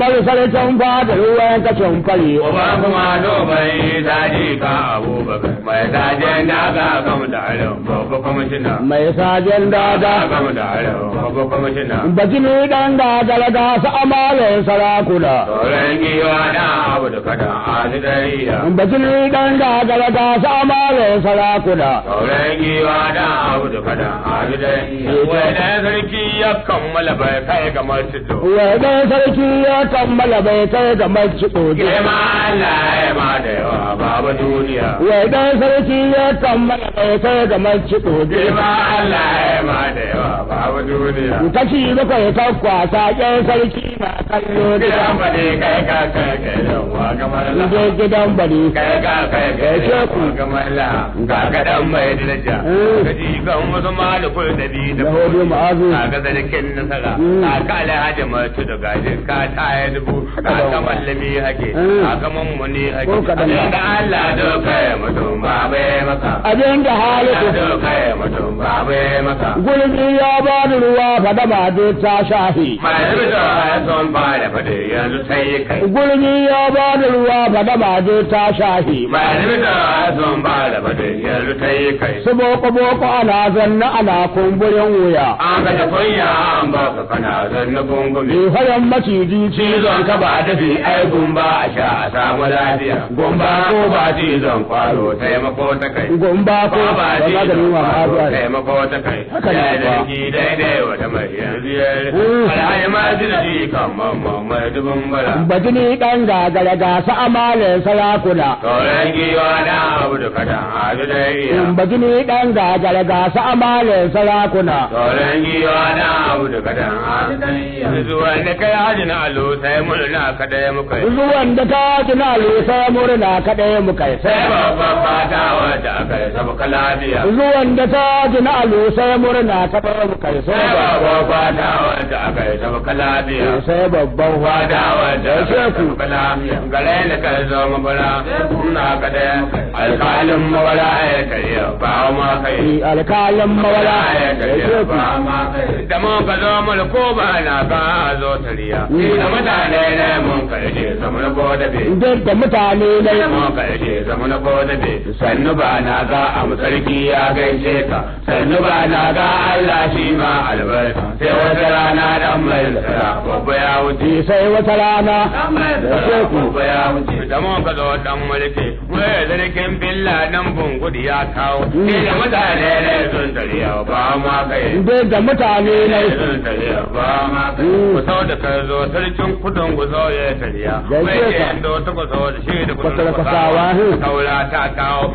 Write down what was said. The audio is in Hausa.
marusar can fata ruwan kashin fari. Uba kuma domin daji ka abubakar mai sajen daga gamu da arewa babba kwamishina. Mai sajen daga gamu da arewa babba kwamishina. Bajini dan da dalaga su amalin sarakuna. Tsoron giwa da abu da kada a zidariya. Bajini dan da dalaga su amalin sarakuna. Tsoron giwa da Dawud fada abidai wanda sarki ya kammala kai sarki ya kammala bai kai ga masjido girma Allah ya ma da yawa baba duniya wanda sarki ya kammala bai kai ga masjido girma Allah ya ma da yawa baba duniya kashi bakwai ta kwasa ƙyan sarki na kallo kai ka kai je gidan bari ga sheku ga gadan mai dalaja ga jigan wasu malukul da biyu da hudu ma'azu ga zarkin nasara ga kala hajji mutu da gajin ka ta taya dubu ga ka mallami hake ga ka mummuni hake abin da Allah doka ya mutum ba bai maka abin da halittu doka ya mutum ba bai maka gulbi ya ba da ruwa da ba ta shafi. mai rubuta ya son ba da fade yanzu sai kai gulbi ya ba da ruwa ba da ba je ta shahi ba ni da azon ba da ba da yanzu ta yi kai su boko boko ala zanna ala kumburin wuya an ga da kunya an ka kana zanna gungumi. Faran maciji cizon ka ba fi ai gumba a sha a samu lafiya. Gumba ko ba cizon kwaro taimako ta kai. Gumba ko ba cizon kwaro taimako ta kai. Ya dangi daidai wata mai yanzu yare. Alhaji ma jirgi kan mamman mai dubin bala. Bajini ɗan gagara gasa amalin sarakuna. Tauren giwa na abu da kadan a dai iya. Bajini ɗan gagara gasa amalin sarakuna. Tauren giwa na audu gadan zuwan da ka yi na alo sai murna na alo sai muka yi sai babban fata wata sabu lafiya zuwan da na alo sai murna sai yi sai babban fata kai zo mawala ya kai ba ma kai mawala ya kai da ma zo mulku ba na zo tariya da mutane ne mun karshe zamu na be da mutane ne mun karshe zamu na be sannu ba na ga am sarki ya gaishe ka sannu ba na ga Allah shi ma albarka sai wata rana sai wata rana da sheku da mun ga dan mulki wai zarkin billa nan bungudi ya kawo ke da mutane ne sun tariya ba ma kai dai da mutane ne sun tariya ba ma kai ku sau da kan zo sarkin kudin ku zo ya tariya wai ke da ku sau da shi da kudin ku sawa ta kawo